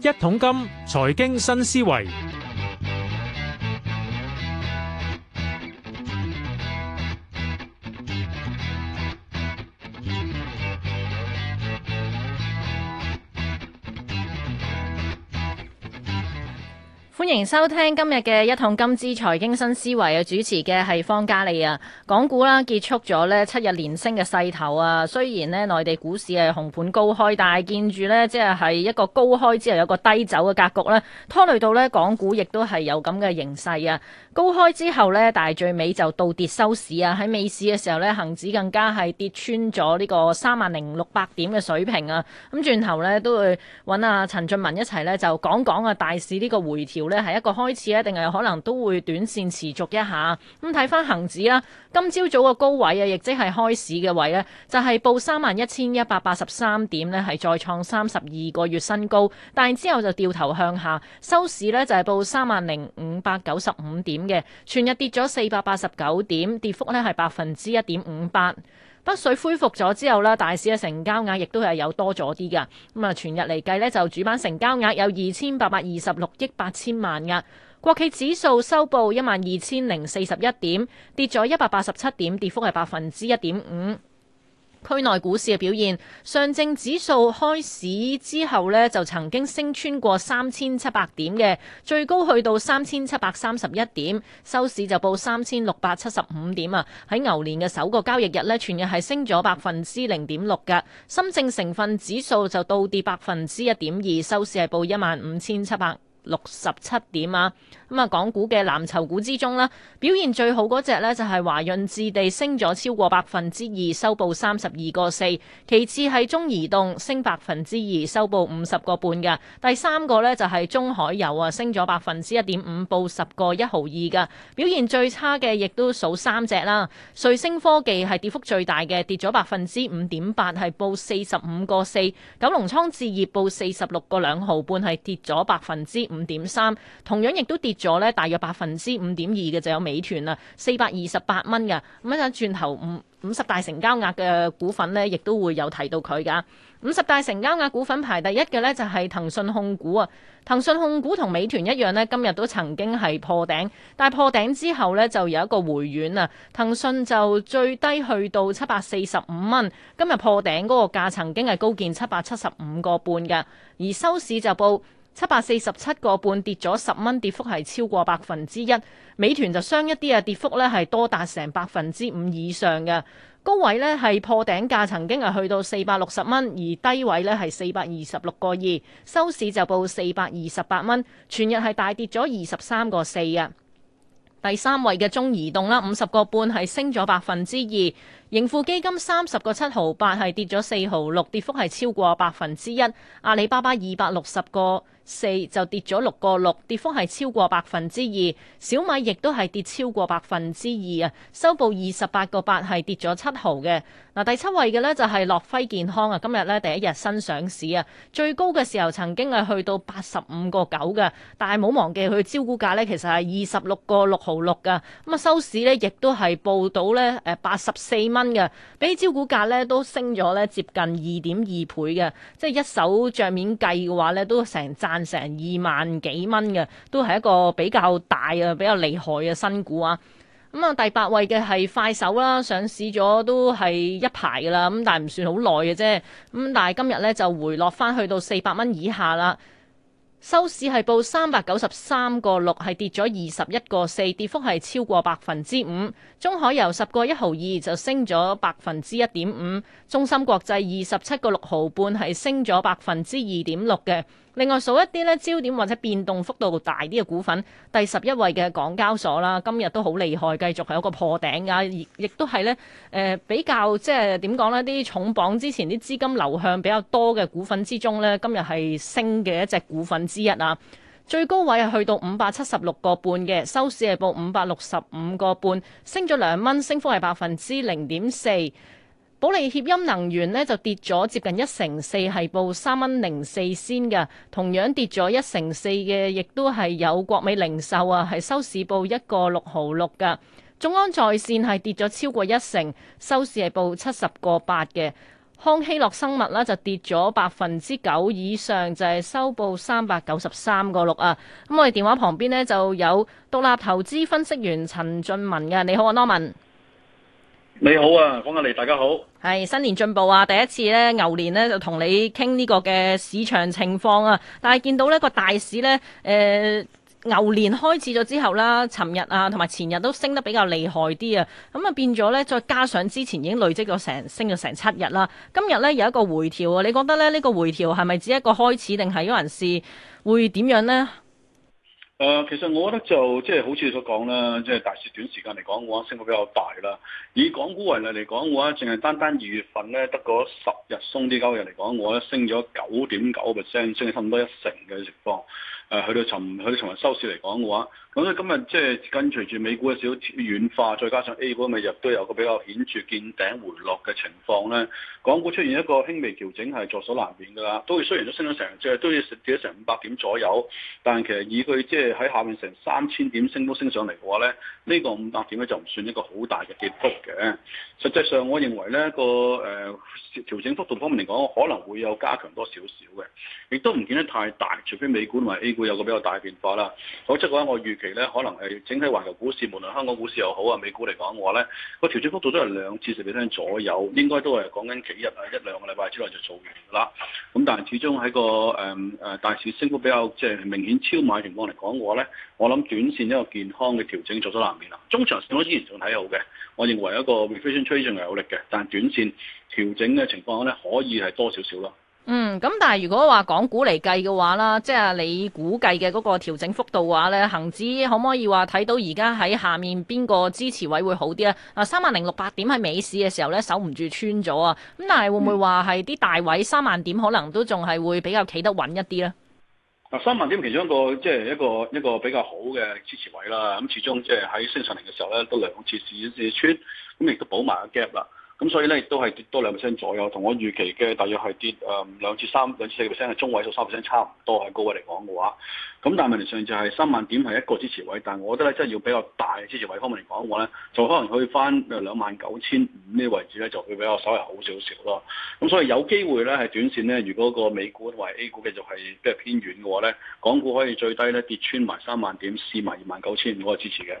一桶金，財經新思維。歡迎收聽今日嘅一桶金之財經新思維啊！主持嘅係方嘉莉啊，港股啦結束咗呢七日連升嘅勢頭啊，雖然呢內地股市係紅盤高開，但係見住呢，即係係一個高開之後有個低走嘅格局咧，拖累到呢港股亦都係有咁嘅形勢啊。高開之後呢，但係最尾就倒跌收市啊！喺尾市嘅時候呢，恒指更加係跌穿咗呢個三萬零六百點嘅水平啊！咁轉頭呢，都會揾阿陳俊文一齊呢，就講講啊，大市呢個回調呢。係一個開始咧，定係可能都會短線持續一下。咁睇翻恒指啦，今朝早個高位啊，亦即係開市嘅位咧，就係報三萬一千一百八十三點咧，係再創三十二個月新高。但係之後就掉頭向下，收市呢就係報三萬零五百九十五點嘅，全日跌咗四百八十九點，跌幅呢係百分之一點五八。北水恢復咗之後呢，大市嘅成交額亦都係有多咗啲嘅。咁啊，全日嚟計呢，就主板成交額有二千八百二十六億八千萬嘅。國企指數收報一萬二千零四十一點，跌咗一百八十七點，跌幅係百分之一點五。區內股市嘅表現，上證指數開市之後呢，就曾經升穿過三千七百點嘅，最高去到三千七百三十一點，收市就報三千六百七十五點啊！喺牛年嘅首個交易日呢，全日係升咗百分之零點六噶，深證成分指數就倒跌百分之一點二，收市係報一萬五千七百。六十七點啊！咁啊，港股嘅藍籌股之中啦，表現最好嗰隻呢就係華潤置地，升咗超過百分之二，收報三十二個四。其次係中移動，升百分之二，收報五十個半㗎。第三個呢就係中海油啊，升咗百分之一點五，報十個一毫二㗎。表現最差嘅亦都數三隻啦。瑞聲科技係跌幅最大嘅，跌咗百分之五點八，係報四十五個四。九龍倉置業報四十六個兩毫半，係跌咗百分之五點三，同樣亦都跌咗咧，大約百分之五點二嘅就有美團啦，四百二十八蚊嘅咁啊。轉頭五五十大成交額嘅股份呢，亦都會有提到佢噶。五十大成交額股份排第一嘅呢，就係騰訊控股啊。騰訊控股同美團一樣呢，今日都曾經係破頂，但係破頂之後呢，就有一個回軟啊。騰訊就最低去到七百四十五蚊，今日破頂嗰個價曾經係高見七百七十五個半嘅，而收市就報。七百四十七個半跌咗十蚊，跌幅係超過百分之一。美團就雙一啲啊，跌幅呢係多達成百分之五以上嘅。高位呢係破頂價，曾經係去到四百六十蚊，而低位呢係四百二十六個二，收市就報四百二十八蚊，全日係大跌咗二十三個四啊。第三位嘅中移動啦，五十個半係升咗百分之二。盈富基金三十個七毫八係跌咗四毫六，跌幅係超過百分之一。阿里巴巴二百六十個四就跌咗六個六，跌幅係超過百分之二。小米亦都係跌超過百分之二啊，收報二十八個八係跌咗七毫嘅。嗱，第七位嘅呢就係諾輝健康啊，今日呢，第一日新上市啊，最高嘅時候曾經係去到八十五個九㗎，但係冇忘記佢招股價呢其實係二十六個六毫六噶，咁啊收市呢亦都係報到呢誒八十四蚊。嘅，比起招股價咧都升咗咧接近二點二倍嘅，即係一手賬面計嘅話咧都成賺成二萬幾蚊嘅，都係一個比較大啊，比較厲害嘅新股啊。咁啊，第八位嘅係快手啦，上市咗都係一排噶啦，咁但係唔算好耐嘅啫。咁但係今日咧就回落返去到四百蚊以下啦。收市係報三百九十三個六，係跌咗二十一個四，跌幅係超過百分之五。中海油十個一毫二就升咗百分之一點五，中芯國際二十七個六毫半係升咗百分之二點六嘅。另外數一啲咧焦點或者變動幅度大啲嘅股份，第十一位嘅港交所啦，今日都好厲害，繼續係一個破頂嘅、啊，亦亦都係咧誒比較即係點講呢？啲重磅之前啲資金流向比較多嘅股份之中呢，今日係升嘅一隻股份之一啊！最高位係去到五百七十六個半嘅，收市係報五百六十五個半，升咗兩蚊，升幅係百分之零點四。保利協鑫能源呢就跌咗接近一成四，係報三蚊零四仙嘅。同樣跌咗一成四嘅，亦都係有國美零售啊，係收市報一個六毫六嘅。眾安在線係跌咗超過一成，收市係報七十個八嘅。康希諾生物啦就跌咗百分之九以上，就係、是、收報三百九十三個六啊。咁我哋電話旁邊呢就有獨立投資分析員陳俊文嘅，你好、啊，我 Norman。你好啊，講緊你。大家好。係新年進步啊！第一次呢，牛年呢，就同你傾呢個嘅市場情況啊。但係見到呢、呢個大市呢，誒、呃，牛年開始咗之後啦，尋日啊，同埋前日都升得比較厲害啲啊。咁啊，變咗呢，再加上之前已經累積咗成升咗成七日啦。今日呢，有一個回調啊，你覺得咧呢、呢個回調係咪只是一個開始，定係有人是會點樣呢？誒、呃，其實我覺得就即係、就是、好似你所講啦，即、就、係、是、大市短時間嚟講，嘅話升幅比較大啦。以港股為例嚟講，嘅話淨係單單二月份咧，得嗰十日鬆啲交易嚟講，我一升咗九點九 percent，升咗差唔多一成嘅情況。誒去到尋去到尋日收市嚟講嘅話，咁咧今日即係跟隨住美股嘅少軟化，再加上 A 股每日都有個比較顯著見頂回落嘅情況咧，港股出現一個輕微調整係在所難免㗎啦。都雖然都升咗成即係都要跌咗成五百點左右，但其實以佢即係喺下面成三千點升都升上嚟嘅話咧，呢、這個五百點咧就唔算一個好大嘅跌幅嘅。實際上，我認為咧、那個誒、呃、調整幅度方面嚟講，可能會有加強多少少嘅，亦都唔見得太大，除非美股同埋 A 股，會有個比較大嘅變化啦。否則嘅話，我預期咧，可能係整體環球股市，無論香港股市又好啊，美股嚟講嘅話咧，個調整幅度都係兩至十幾個巴仙左右，應該都係講緊幾日啊，一兩個禮拜之內就做完啦。咁但係始終喺個誒誒、嗯呃、大市升幅比較即係、就是、明顯超買情況嚟講嘅話咧，我諗短線一個健康嘅調整做咗難免啦。中長線我之前仲睇好嘅，我認為一個 reflation 趨勢係有力嘅，但係短線調整嘅情況咧，可以係多少少咯。嗯，咁但係如果話港股嚟計嘅話啦，即係你估計嘅嗰個調整幅度嘅話咧，恒指可唔可以話睇到而家喺下面邊個支持位會好啲咧？啊，三萬零六百點喺美市嘅時候咧，守唔住穿咗啊，咁但係會唔會話係啲大位三萬點可能都仲係會比較企得穩一啲咧？啊、嗯，三萬點其中一個即係一個一個，一個比較好嘅支持位啦。咁始終即係喺升上嚟嘅時候咧，都兩次試穿，咁亦都補埋個 gap 啦。咁所以咧，亦都係跌多兩 percent 左右，同我預期嘅大約係跌誒兩至三、兩至四 percent 嘅中位數三 percent 差唔多喺高位嚟講嘅話，咁但係問題上就係三萬點係一個支持位，但我覺得咧，真係要比較大嘅支持位方面嚟講嘅話咧，就可能去返誒兩萬九千五呢個位置咧，就會比較稍為好少少咯。咁、嗯、所以有機會咧，係短線咧，如果個美股同埋 A 股繼續係比較係偏軟嘅話咧，港股可以最低咧跌穿埋三萬點，試埋二萬九千五嗰個支持嘅。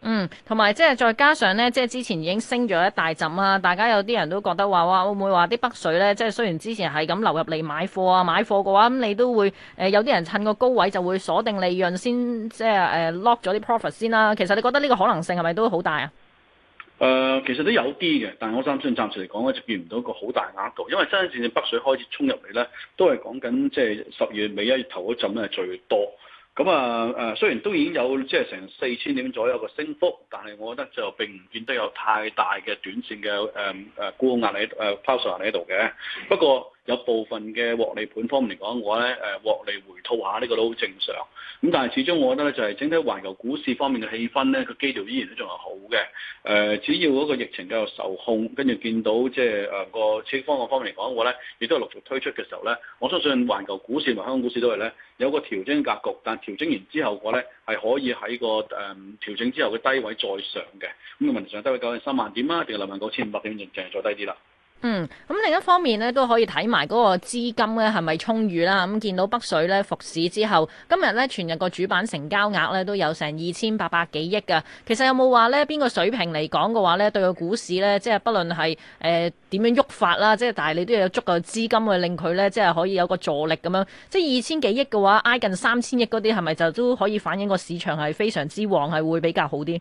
嗯，同埋即係再加上咧，即係之前已經升咗一大浸啦、啊。大家有啲人都覺得話哇，會唔會話啲北水咧，即係雖然之前係咁流入嚟買貨啊，買貨嘅話咁，你都會誒、呃、有啲人趁個高位就會鎖定利潤先，即係誒、呃、lock 咗啲 profit 先啦、啊。其實你覺得呢個可能性係咪都好大啊？誒、呃，其實都有啲嘅，但係我相信暫時嚟講咧，就見唔到一個好大額度，因為真真正正北水開始衝入嚟咧，都係講緊即係十月尾一月頭嗰陣咧係最多。咁啊，誒、嗯、雖然都已經有即係成四千點左右嘅升幅，但係我覺得就並唔見得有太大嘅短線嘅誒誒沽壓喺度誒拋售壓喺度嘅，不過。有部分嘅獲利盤方面嚟講，我咧誒獲利回吐下呢個都好正常。咁但係始終我覺得咧，就係整體環球股市方面嘅氣氛咧，個基調依然都仲係好嘅。誒、呃，只要嗰個疫情繼續受控，跟住見到即係誒個車方嘅方面嚟講，我咧亦都係陸續推出嘅時候咧，我相信環球股市同香港股市都係咧有個調整格局，但係調整完之後我，我咧係可以喺個誒調、嗯、整之後嘅低位再上嘅。咁、嗯、嘅問題上，低位究竟三萬點啊，定係兩萬九千五百點，點，仲係再低啲啦？嗯，咁另一方面咧都可以睇埋嗰個資金咧係咪充裕啦？咁見到北水咧復市之後，今日咧全日個主板成交額咧都有成二千八百幾億㗎。其實有冇話咧邊個水平嚟講嘅話咧對個股市咧，即係不論係誒點樣喐發啦，即係但係你都要有足夠資金去令佢咧，即係可以有個助力咁樣。即係二千幾億嘅話，挨近三千億嗰啲係咪就都可以反映個市場係非常之旺，係會比較好啲？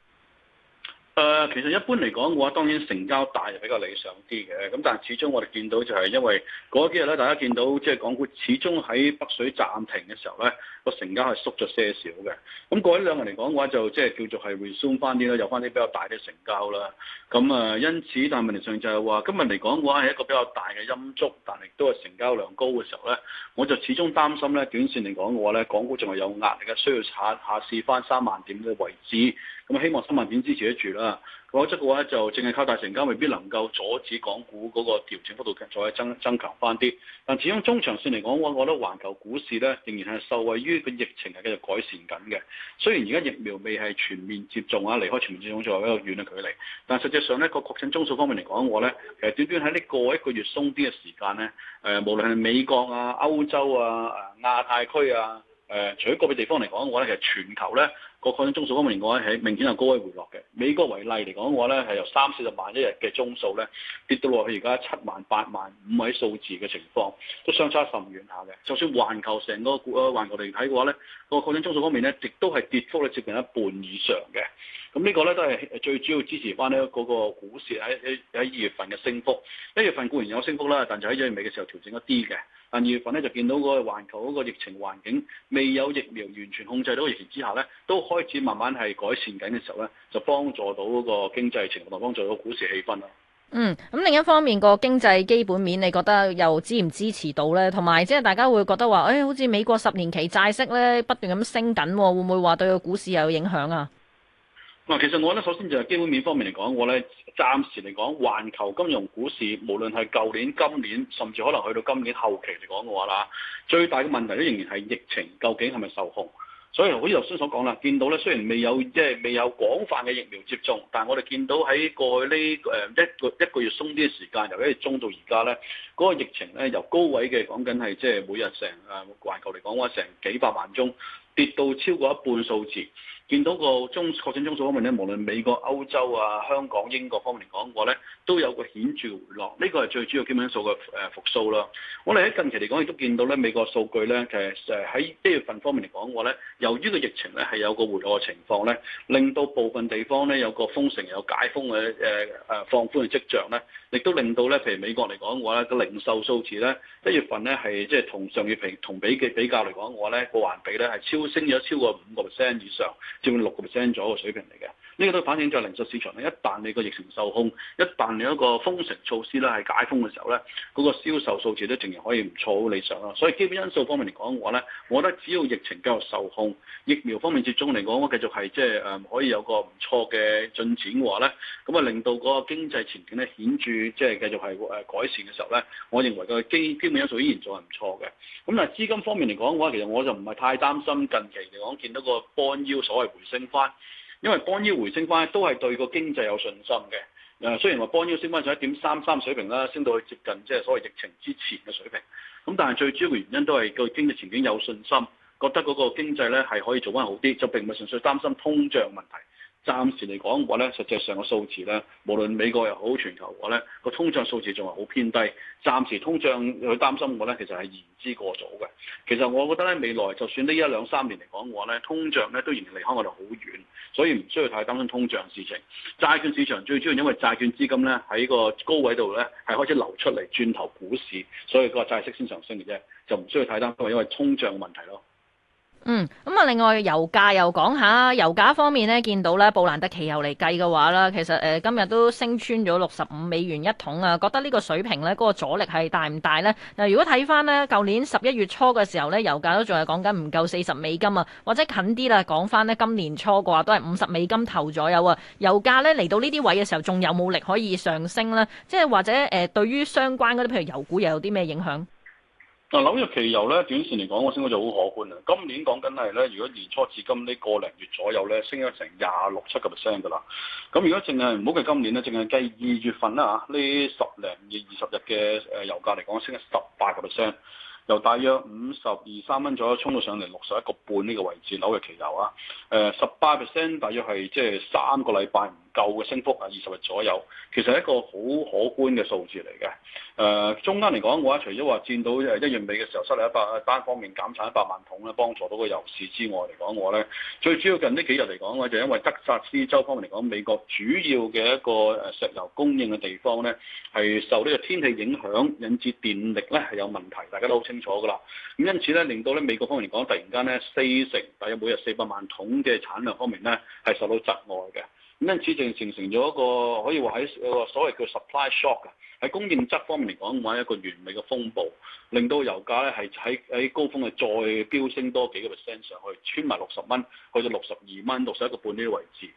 誒、呃，其實一般嚟講嘅話，當然成交大就比較理想啲嘅。咁但係始終我哋見到就係因為嗰幾日咧，大家見到即係港股始終喺北水暫停嘅時候咧，個成交係縮咗些少嘅。咁過一兩日嚟講嘅話，就即係叫做係回 e s 翻啲啦，有翻啲比較大嘅成交啦。咁啊、呃，因此但問題上就係話，今日嚟講嘅話係一個比較大嘅陰足，但亦都係成交量高嘅時候咧，我就始終擔心咧，短線嚟講嘅話咧，港股仲係有壓力嘅，需要測下試翻三萬點嘅位置。咁希望三萬點支持得住啦，否則嘅話就淨係靠大成交，未必能夠阻止港股嗰個調整幅度再增增強翻啲。但始終中長線嚟講，我覺得環球股市咧仍然係受惠於個疫情係繼續改善緊嘅。雖然而家疫苗未係全面接種啊，離開全面接種仲係比較遠嘅距離。但實際上呢個確診宗數方面嚟講，嘅話咧其實短短喺呢個一個月鬆啲嘅時間咧，誒無論係美國啊、歐洲啊、亞太區啊，誒除咗個別地方嚟講，嘅話咧其實全球咧。個確診中數方面嘅話，喺明顯係高位回落嘅。美國為例嚟講嘅話咧，係由三四十萬一日嘅鐘數咧，跌到落去而家七萬八萬五位數字嘅情況，都相差甚遠下嘅。就算環球成個股環球嚟睇嘅話咧，個確診中數方面咧，亦都係跌幅咧接近一半以上嘅。咁呢個咧都係最主要支持翻呢嗰個股市喺喺二月份嘅升幅。一月份固然有升幅啦，但就喺一月尾嘅時候調整一啲嘅。但二月份咧就見到嗰個環球嗰個疫情環境未有疫苗完全控制到疫情之下咧，都開始慢慢係改善緊嘅時候咧，就幫助到嗰個經濟情況，幫助到股市氣氛咯。嗯，咁另一方面，個經濟基本面，你覺得又支唔支持到咧？同埋即係大家會覺得話誒、哎，好似美國十年期債息咧不斷咁升緊、啊，會唔會話對個股市又有影響啊？嗱，其實我覺得，首先就係基本面方面嚟講，我咧暫時嚟講，環球金融股市無論係舊年、今年，甚至可能去到今年後期嚟講嘅話啦，最大嘅問題咧仍然係疫情究竟係咪受控？所以好似頭先所講啦，見到咧雖然未有即係未有廣泛嘅疫苗接種，但係我哋見到喺過去呢誒一個一個月鬆啲時間，由一月中到而家咧，嗰個疫情咧由高位嘅講緊係即係每日成誒環球嚟講話成幾百萬宗。跌到超過一半數字，見到個中確診宗數方面咧，無論美國、歐洲啊、香港、英國方面嚟講過咧，都有個顯著回落。呢、這個係最主要基本數嘅誒復甦喇。我哋喺近期嚟講，亦都見到咧美國數據咧，其實誒喺一月份方面嚟講過咧，由於個疫情咧係有個回落嘅情況咧，令到部分地方咧有個封城有解封嘅誒誒放寬嘅跡象咧，亦都令到咧譬如美國嚟講過咧個零售數,數字咧一月份咧係即係同上月平同比嘅比,比較嚟講過咧個環比咧係超。升咗超過五個 percent 以上，接近六個 percent 左右嘅水平嚟嘅。呢個都反映咗零售市場咧，一旦你個疫情受控，一旦你一個封城措施咧係解封嘅時候咧，嗰、嗰個銷售數字都仍然可以唔錯好理想咯。所以基本因素方面嚟講嘅話咧，我覺得只要疫情繼續受控，疫苗方面接種嚟講，我繼續係即係誒可以有個唔錯嘅進展嘅話咧，咁啊令到個經濟前景咧顯著即係繼續係誒改善嘅時候咧，我認為個基基本因素依然仲係唔錯嘅。咁但係資金方面嚟講嘅話，其實我就唔係太擔心近期嚟講見到個幫腰所謂回升返。因為 bond yield 回升翻都係對個經濟有信心嘅，誒雖然話 bond yield 升翻就一點三三水平啦，升到去接近即係所謂疫情之前嘅水平，咁但係最主要嘅原因都係對經濟前景有信心，覺得嗰個經濟咧係可以做翻好啲，就並唔係純粹擔心通脹問題。暫時嚟講嘅話咧，實際上個數字咧，無論美國又好全球嘅話咧，個通脹數字仲係好偏低。暫時通脹去擔心嘅話咧，其實係言之過早嘅。其實我覺得咧，未來就算呢一兩三年嚟講嘅話咧，通脹咧都仍然離開我哋好遠。所以唔需要太擔心通脹事情，債券市場最主要因為債券資金咧喺個高位度咧係開始流出嚟轉投股市，所以個債息先上升嘅啫，就唔需要太擔心，因為通脹問題咯。嗯，咁啊，另外油價又講下，油價方面呢見到咧，布蘭德奇又嚟計嘅話啦，其實誒今日都升穿咗六十五美元一桶啊，覺得呢個水平呢，嗰個阻力係大唔大呢？嗱，如果睇翻呢，舊年十一月初嘅時候呢，油價都仲係講緊唔夠四十美金啊，或者近啲啦，講翻呢，今年初嘅話都係五十美金頭左右啊，油價呢嚟到呢啲位嘅時候，仲有冇力可以上升呢？即係或者誒，對於相關嗰啲，譬如油股，又有啲咩影響？嗱、啊、紐約期油咧，短線嚟講，個升幅就好可觀啦。今年講緊係咧，如果年初至今呢個零月左右咧，升咗成廿六七個 percent 㗎啦。咁如果淨係唔好計今年咧，淨係計二月份啦、啊、嚇，呢十零月二十日嘅誒油價嚟講，升咗十八個 percent，由大約五十二三蚊左右，衝到上嚟六十一個半呢個位置。紐約期油啊，誒十八 percent 大約係即係三個禮拜。舊嘅升幅啊，二十日左右，其實係一個好可觀嘅數字嚟嘅。誒、呃，中間嚟講，我話除咗話佔到誒一月尾嘅時候，失落一百單方面減產一百萬桶咧，幫助到個油市之外嚟講，我咧最主要近呢幾日嚟講咧，就因為德薩斯州方面嚟講，美國主要嘅一個誒石油供應嘅地方咧，係受呢個天氣影響，引致電力咧係有問題，大家都好清楚㗎啦。咁因此咧，令到咧美國方面嚟講，突然間咧四成，大約每日四百萬桶嘅產量方面咧，係受到窒礙嘅。因此就形成咗一個可以話喺嗰個所謂叫 supply shock 喺供應側方面嚟講嘅話，我係一個完美嘅風暴，令到油價咧係喺喺高峰係再飆升多幾個 percent 上去，穿埋六十蚊去到六十二蚊、六十一個半呢個位置。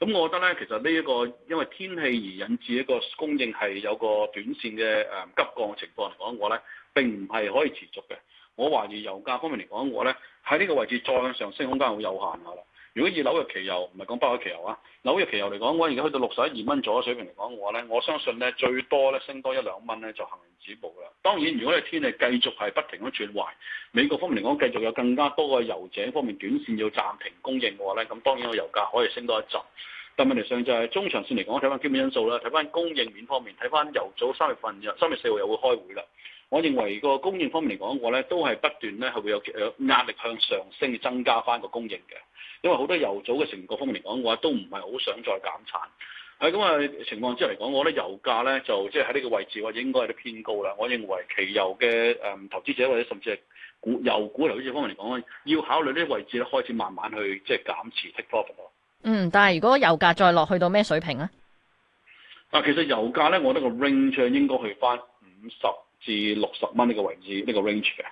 咁我覺得咧，其實呢、這、一個因為天氣而引致一個供應係有個短線嘅誒急降嘅情況嚟講，我話咧，並唔係可以持續嘅。我懷疑油價方面嚟講，我話咧，喺呢個位置再上升空間好有限㗎啦。如果以紐約期油唔係講北海期油啊，紐約期油嚟講，我而家去到六十一二蚊左右水平嚟講，我咧我相信咧最多咧升多一兩蚊咧就行人止步啦。當然，如果你天氣繼續係不停咁轉壞，美國方面嚟講繼續有更加多嘅油井方面短線要暫停供應嘅話咧，咁當然個油價可以升多一陣。但問題上就係中長線嚟講，睇翻基本因素啦，睇翻供應面方面，睇翻由早三月份又三月四號又會開會啦。我認為個供應方面嚟講，我咧都係不斷咧係會有有壓力向上升，增加翻個供應嘅。因為好多油組嘅成個方面嚟講嘅話，都唔係好想再減產。喺咁嘅情況之下嚟講，我覺得油價咧就即係喺呢個位置或者應該有啲偏高啦。我認為期油嘅誒投資者或者甚至係股油股投資者方面嚟講，要考慮呢個位置咧開始慢慢去即係減持 take profit 咯。嗯，但係如果油價再落去到咩水平咧？嗱、嗯，其實油價咧，我覺得個 range 應該去翻五十至六十蚊呢個位置呢個 range 嘅。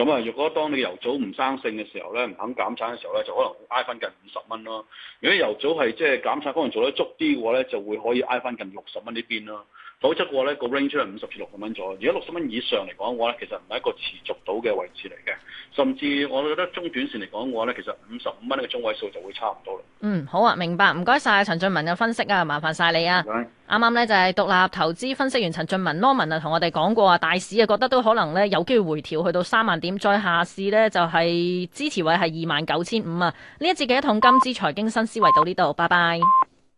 咁啊！如果當你油組唔生性嘅時候咧，唔肯減產嘅時候咧，就可能會挨翻近五十蚊咯。如果油組係即係減產，可能做得足啲嘅話咧，就會可以挨翻近六十蚊呢邊咯。否則嘅話咧，個 range 出係五十至六十蚊左右。如果六十蚊以上嚟講嘅話咧，其實唔係一個持續到嘅位置嚟嘅。甚至我覺得中短線嚟講嘅話咧，其實五十五蚊呢個中位數就會差唔多啦。嗯，好啊，明白，唔該晒陳俊文嘅分析啊，麻煩晒你啊。謝謝。啱啱呢就係獨立投資分析員陳俊文 Norman 啊，同我哋講過啊，大市啊覺得都可能呢，有機會回調，去到三萬點，再下市呢就係支持位係二萬九千五啊！呢一節嘅一桶金之財經新思維到呢度，拜拜。